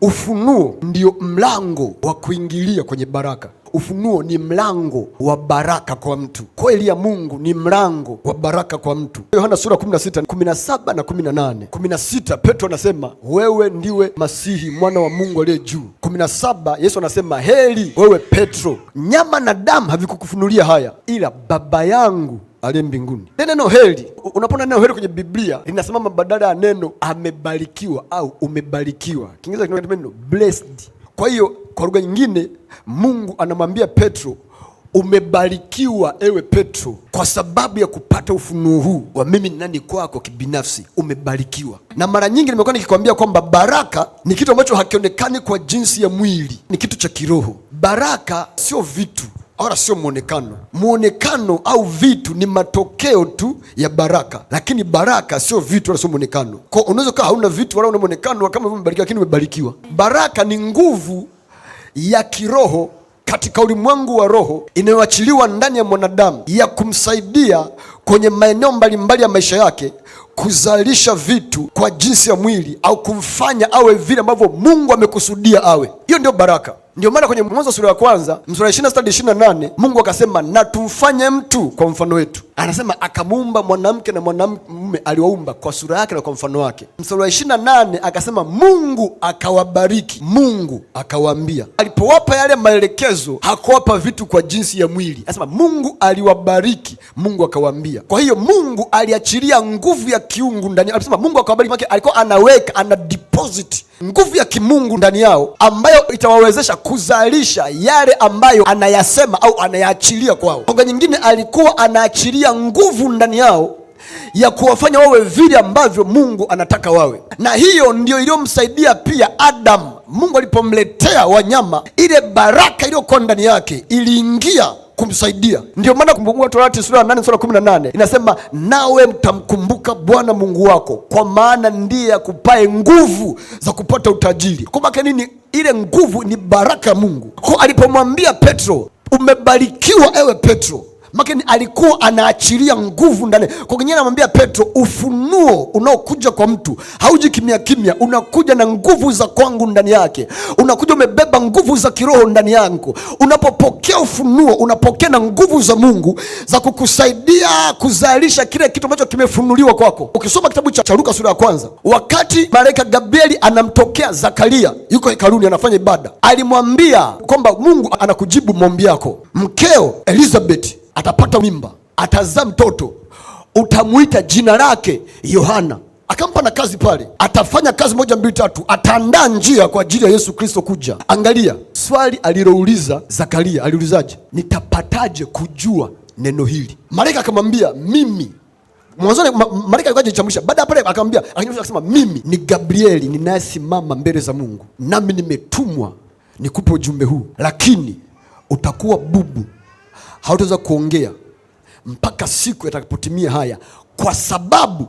Ufunuo ndio mlango wa kuingilia kwenye baraka. Ufunuo ni mlango wa baraka kwa mtu. Kweli ya Mungu ni mlango wa baraka kwa mtu. Yohana sura 16, 17 na 18. 16 Petro anasema wewe ndiwe Masihi mwana wa Mungu aliye juu. 17 Yesu anasema heri wewe Petro, nyama na damu havikukufunulia haya, ila Baba yangu aliye mbinguni. Neno heri, unapona neno heri kwenye Biblia linasimama badala ya neno amebarikiwa au umebarikiwa. Kiingereza kinatumia neno blessed. Kwa hiyo kwa lugha nyingine, Mungu anamwambia Petro, umebarikiwa ewe Petro, kwa sababu ya kupata ufunuo huu wa mimi ni nani kwako kibinafsi. Umebarikiwa. Na mara nyingi nimekuwa nikikwambia kwamba baraka ni kitu ambacho hakionekani kwa jinsi ya mwili, ni kitu cha kiroho. Baraka sio vitu wala sio mwonekano. Mwonekano au vitu ni matokeo tu ya baraka, lakini baraka sio vitu wala sio mwonekano. Kwa unaweza kaa hauna vitu wala una mwonekano kama umebarikiwa, lakini umebarikiwa. Baraka ni nguvu ya kiroho katika ulimwengu wa roho inayoachiliwa ndani ya mwanadamu ya kumsaidia kwenye maeneo mbalimbali ya maisha yake kuzalisha vitu kwa jinsi ya mwili au kumfanya awe vile ambavyo Mungu amekusudia awe. Hiyo ndio baraka. Ndio maana kwenye Mwanzo sura ya kwanza mstari 26 hadi 28 Mungu akasema, na tumfanye mtu kwa mfano wetu anasema akamuumba mwanamke na mwanamume aliwaumba kwa sura yake na kwa mfano wake. Mstari wa ishirini na nane akasema Mungu akawabariki. Mungu akawaambia, alipowapa yale maelekezo hakuwapa vitu kwa jinsi ya mwili, anasema Mungu aliwabariki. Mungu akawaambia. Kwa hiyo Mungu aliachilia nguvu ya kiungu ndani alisema Mungu akawabariki, maana alikuwa anaweka ana deposit nguvu ya kimungu ndani yao ambayo itawawezesha kuzalisha yale ambayo anayasema au anayaachilia kwao. Kwa nyingine alikuwa anaachilia ya nguvu ndani yao ya kuwafanya wawe vile ambavyo Mungu anataka wawe, na hiyo ndio iliyomsaidia pia Adamu. Mungu alipomletea wanyama, ile baraka iliyokuwa ndani yake iliingia kumsaidia. Ndio maana Kumbukumbu la Torati sura ya 8 sura 18 inasema, nawe mtamkumbuka Bwana Mungu wako, kwa maana ndiye akupaye nguvu za kupata utajiri. Kumbuka nini? Ile nguvu ni baraka ya Mungu. Kwa alipomwambia Petro, umebarikiwa ewe Petro Makini alikuwa anaachilia nguvu ndani. Kwa hiyo anamwambia Petro, ufunuo unaokuja kwa mtu hauji kimya kimya, unakuja na nguvu za kwangu ndani yake, unakuja umebeba nguvu za kiroho ndani yangu. Unapopokea ufunuo, unapokea na nguvu za Mungu za kukusaidia kuzalisha kile kitu ambacho kimefunuliwa kwako. Ukisoma kitabu cha Luka sura ya kwanza, wakati malaika Gabrieli anamtokea Zakaria, yuko hekaluni anafanya ibada, alimwambia kwamba Mungu anakujibu maombi yako. Mkeo Elizabeth atapata mimba, atazaa mtoto, utamwita jina lake Yohana. Akampa na kazi pale, atafanya kazi moja mbili tatu, ataandaa njia kwa ajili ya Yesu Kristo kuja. Angalia swali alilouliza Zakaria, aliulizaje? Nitapataje kujua neno hili? Malaika akamwambia mimi mwanzoni malaika alikuwa hajitambulisha. Baada ya pale akamwambia, akasema mimi ni Gabrieli ninayesimama mbele za Mungu, nami nimetumwa nikupe ujumbe huu, lakini utakuwa bubu hautaweza kuongea mpaka siku yatakapotimia haya, kwa sababu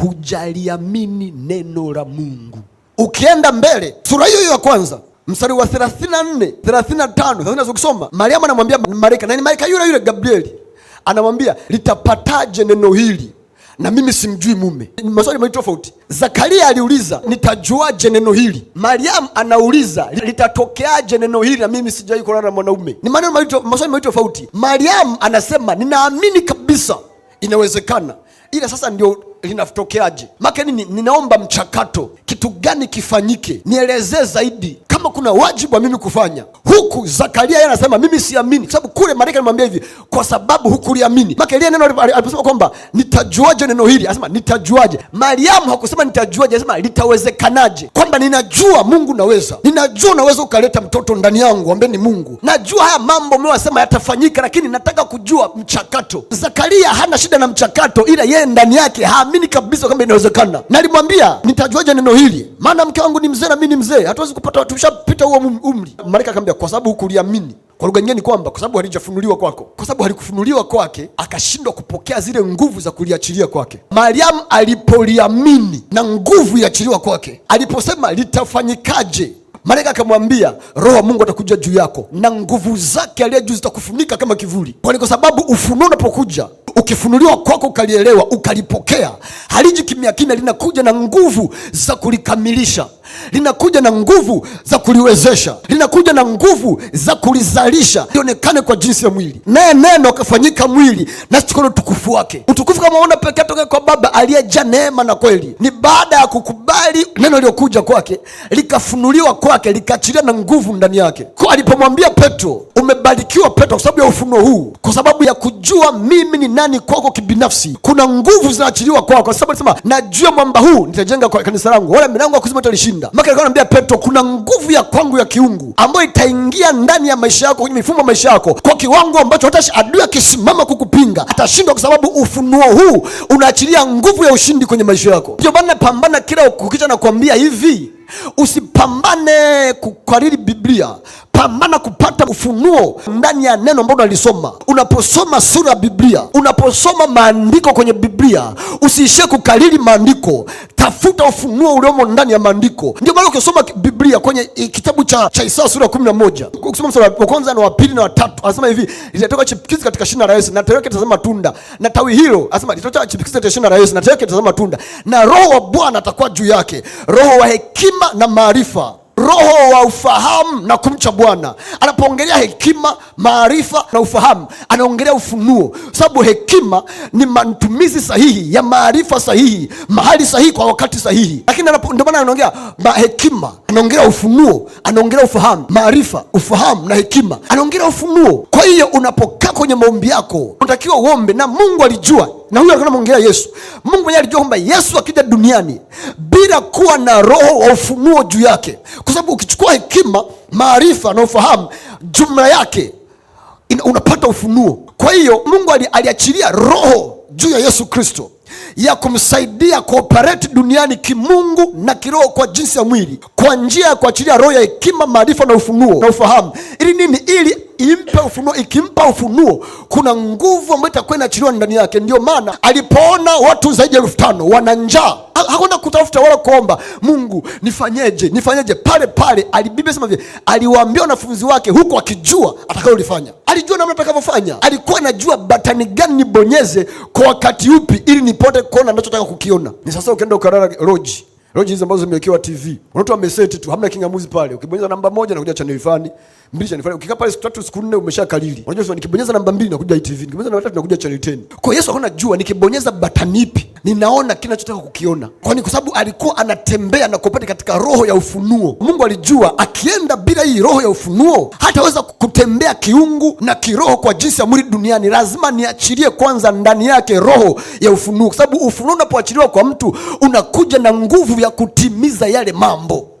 hujaliamini neno la Mungu. Ukienda mbele sura hiyo ya kwanza mstari wa 34, 35, 35 ukisoma, Mariamu anamwambia malaika, na ni malaika yule yule Gabrieli, anamwambia litapataje neno hili na mimi simjui mume. Maswali mawili tofauti. Zakaria aliuliza nitajuaje neno hili, Mariamu anauliza litatokeaje neno hili, na mimi sijawahi kuonana na mwanaume. Ni maneno maswali mawili tofauti. Mariamu anasema ninaamini kabisa inawezekana, ila sasa ndio linatokeaje? Maka nini? Ninaomba mchakato, kitu gani kifanyike, nielezee zaidi kama kuna wajibu wa mimi kufanya huku. Zakaria yeye anasema mimi siamini, kwa sababu kule malaika alimwambia hivi, kwa sababu hukuliamini. Maana ile neno aliposema kwamba nitajuaje neno hili, anasema nitajuaje. Mariamu hakusema nitajuaje, anasema litawezekanaje, kwamba ninajua Mungu naweza, ninajua naweza ukaleta mtoto ndani yangu ambaye ni Mungu. Najua haya mambo mnayosema yatafanyika, lakini nataka kujua mchakato. Zakaria hana shida na mchakato, ila yeye ndani yake haamini kabisa kwamba inawezekana. Nalimwambia nitajuaje neno hili, maana mke wangu ni mzee na mimi ni mzee, hatuwezi kupata watu ukishapita huo um-, umri, malaika akamwambia, kwa sababu hukuliamini. Kwa lugha nyingine ni kwamba kwa sababu halijafunuliwa kwako, kwa sababu halikufunuliwa kwake, akashindwa kupokea zile nguvu za kuliachilia kwake. Mariamu alipoliamini na nguvu iachiliwa kwake, aliposema litafanyikaje, malaika akamwambia Roho wa Mungu atakuja juu yako na nguvu zake aliye juu zitakufunika kama kivuli. Kwani kwa sababu ufunuo unapokuja ukifunuliwa kwako ukalielewa ukalipokea, haliji kimya kimya, linakuja na nguvu za kulikamilisha, linakuja na nguvu za kuliwezesha, linakuja na nguvu za kulizalisha lionekane kwa jinsi ya mwili, naye neno akafanyika mwili na tukaona utukufu wake. Utukufu kama uona pekee toka kwa Baba aliyejaa neema na kweli, ni baada ya kukubali neno liyokuja kwake, likafunuliwa kwake, likaachilia na nguvu ndani yake, kwa alipomwambia Petro, umebarikiwa Petro, kwa sababu ya ufunuo huu, kwa sababu ya kujua mimi ni nani ndani kwako kibinafsi, kuna nguvu zinaachiliwa kwako, kwa sababu alisema najua mwamba huu nitajenga kwa kanisa langu, wala milango ya kuzimu italishinda. Maka alikuwa anaambia Petro, kuna nguvu ya kwangu ya kiungu ambayo itaingia ndani ya maisha yako, kwenye mifumo ya maisha yako kwa kiwango ambacho hata adui akisimama kukupinga atashindwa, kwa sababu ufunuo huu unaachilia nguvu ya ushindi kwenye maisha yako. Ndio maana pambana kila kukicha, nakwambia hivi usipambane kukariri Biblia pambana kupata ufunuo ndani ya neno ambalo unalisoma. Unaposoma sura ya Biblia, unaposoma maandiko kwenye Biblia, usiishie kukariri maandiko, tafuta ufunuo uliomo ndani ya maandiko. Ndio maana ukisoma Biblia kwenye eh, kitabu cha, cha Isaya sura ya kumi na moja ukisoma mstari wa kwanza na wa pili na wa tatu anasema hivi, litatoka chipukizi katika shina la Yese na tawi yake litazama tunda, na tawi hilo anasema litatoka chipukizi katika shina la Yese na tawi yake litazama tunda, na roho wa Bwana atakuwa juu yake, roho wa hekima na maarifa roho wa ufahamu na kumcha Bwana. Anapoongelea hekima, maarifa na ufahamu, anaongelea ufunuo, sababu hekima ni matumizi sahihi ya maarifa sahihi mahali sahihi kwa wakati sahihi. Lakini ndio maana anaongea hekima, anaongelea ufunuo, anaongelea ufahamu, maarifa, ufahamu na hekima, anaongelea ufunuo. Kwa hiyo unapokaa kwenye maombi yako unatakiwa uombe, na Mungu alijua, na huyo alikuwa anamwongelea Yesu. Mungu mwenyewe alijua kwamba Yesu akija duniani bila kuwa na roho wa ufunuo juu yake, kwa sababu ukichukua hekima, maarifa na ufahamu, jumla yake unapata ufunuo. Kwa hiyo Mungu aliachilia roho juu ya Yesu Kristo ya kumsaidia kuoperate duniani kimungu na kiroho kwa jinsi ya mwili, kwa njia ya kuachilia roho ya hekima, maarifa na ufunuo na ufahamu, ili nini? Ili impe ufunuo. Ikimpa ufunuo, kuna nguvu ambayo itakuwa inaachiliwa ndani yake. Ndio maana alipoona watu zaidi ya elfu tano wana njaa hakwenda kutafuta wala kuomba Mungu nifanyeje, nifanyeje. Pale pale alibibi sema vile aliwaambia wanafunzi wake, huku akijua lifanya Alijua namna atakavyofanya, alikuwa anajua batani gani nibonyeze kwa wakati upi, ili nipote kuona anachotaka kukiona. Ni sasa ukienda ukarara roji Leo jinsi ambazo zimewekewa TV. Unakuta wameseti tu, hamna kingamuzi pale. Ukibonyeza namba moja nakuja channel fulani, mbili channel fulani. Ukikaa pale siku tatu siku nne kalili. Unajua sio nikibonyeza namba mbili nakuja ITV, nikibonyeza namba tatu nakuja channel 10. Kwa Yesu hakuna jua nikibonyeza batani ipi ninaona kinachotaka kukiona. nini? kwa sababu alikuwa anatembea na kupata katika roho ya ufunuo. Mungu alijua akienda bila hii roho ya ufunuo hataweza kutembea kiungu na kiroho kwa jinsi ya mwili duniani. Lazima niachilie kwanza ndani yake roho ya ufunuo. Kwa sababu ufunuo unapoachiliwa kwa mtu unakuja na nguvu ya kutimiza yale mambo.